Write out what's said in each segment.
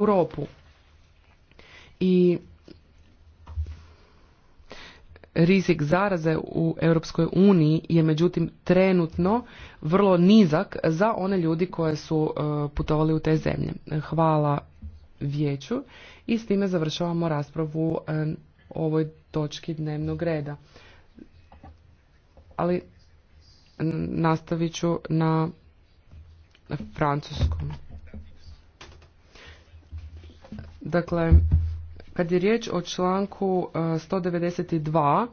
Europu. I rizik zaraze u Europskoj uniji je međutim trenutno vrlo nizak za one ljudi koje su e, putovali u te zemlje. Hvala vijeću i s time završavamo raspravu o e, ovoj točki dnevnog reda. Ali nastavit ću na francuskom. Dakle, kad je riječ o članku 192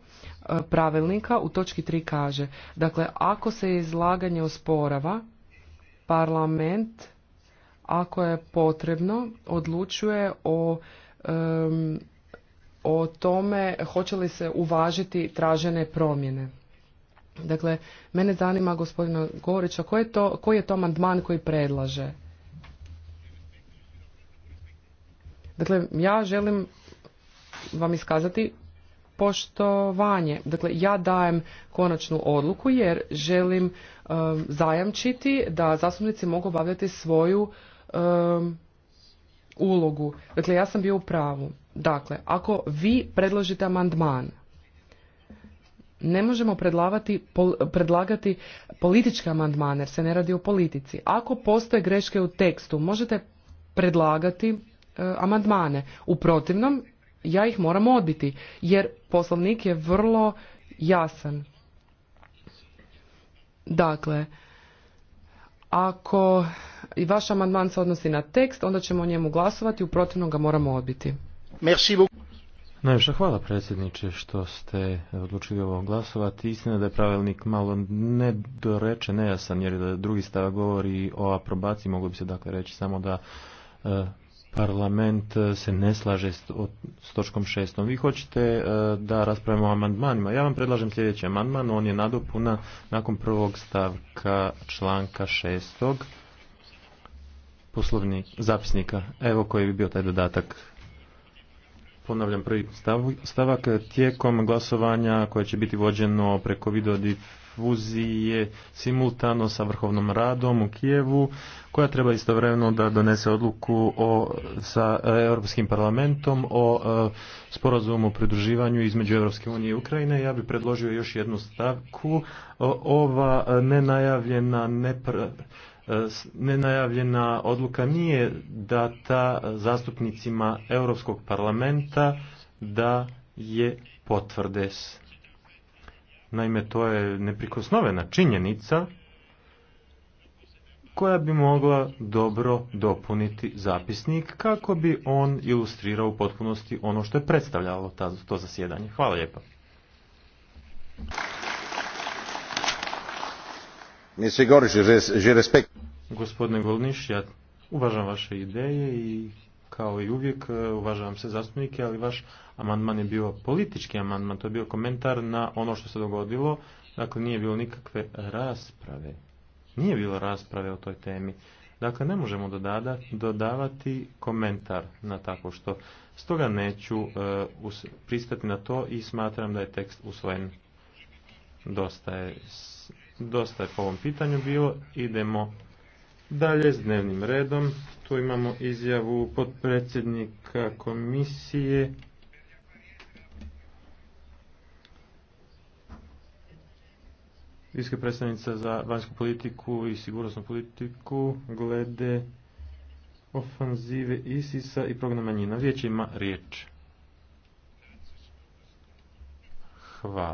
e, e, pravilnika, u točki 3 kaže, dakle, ako se izlaganje osporava, parlament, ako je potrebno, odlučuje o, o tome hoće li se uvažiti tražene promjene. Dakle, mene zanima gospodina Gorića, koji je to, koji je to mandman koji predlaže? Dakle, ja želim vam iskazati poštovanje. Dakle, ja dajem konačnu odluku jer želim um, zajamčiti da zastupnici mogu obavljati svoju um, ulogu. Dakle, ja sam bio u pravu. Dakle, ako vi predložite amandman, ne možemo predlagati političke amandmane jer se ne radi o politici. Ako postoje greške u tekstu, možete predlagati E, amandmane. U protivnom, ja ih moram odbiti, jer poslovnik je vrlo jasan. Dakle, ako i vaš amandman se odnosi na tekst, onda ćemo o njemu glasovati, u protivnom ga moramo odbiti. Merci Najviše hvala predsjedniče što ste odlučili ovo glasovati. Istina da je pravilnik malo nedorečen, nejasan, jer drugi stav govori o aprobaciji, Mogu bi se dakle reći samo da e, parlament e, se ne slaže s točkom šestom. Vi hoćete e, da raspravimo o amandmanima. Ja vam predlažem sljedeći amandman, on je nadopuna nakon prvog stavka članka šestog poslovnik, zapisnika. Evo koji bi bio taj dodatak Ponavljam prvi stavak. Tijekom glasovanja koje će biti vođeno preko videodifuzije simultano sa vrhovnom radom u Kijevu, koja treba istovremeno da donese odluku o, sa e, Europskim parlamentom o e, sporazumu o pridruživanju između Europske unije i Ukrajine. Ja bih predložio još jednu stavku. Ova e, nenajavljena, nepr E, nenajavljena odluka nije data zastupnicima Europskog parlamenta da je potvrde. Naime, to je neprikosnovena činjenica koja bi mogla dobro dopuniti zapisnik kako bi on ilustrirao u potpunosti ono što je predstavljalo to zasjedanje. Hvala lijepa. Gospodine Golniš, ja uvažam vaše ideje i kao i uvijek e, uvažavam se zastupnike, ali vaš amandman je bio politički amandman, to je bio komentar na ono što se dogodilo, dakle nije bilo nikakve rasprave. Nije bilo rasprave o toj temi. Dakle, ne možemo dodavati komentar na tako što. Stoga neću e, pristati na to i smatram da je tekst usvojen. Dosta je Dosta je po ovom pitanju bilo. Idemo dalje s dnevnim redom. Tu imamo izjavu potpredsjednika komisije. Iska predstavnica za vanjsku politiku i sigurnosnu politiku glede ofanzive Isisa i progna manjina. Riječ ima riječ. Hvala.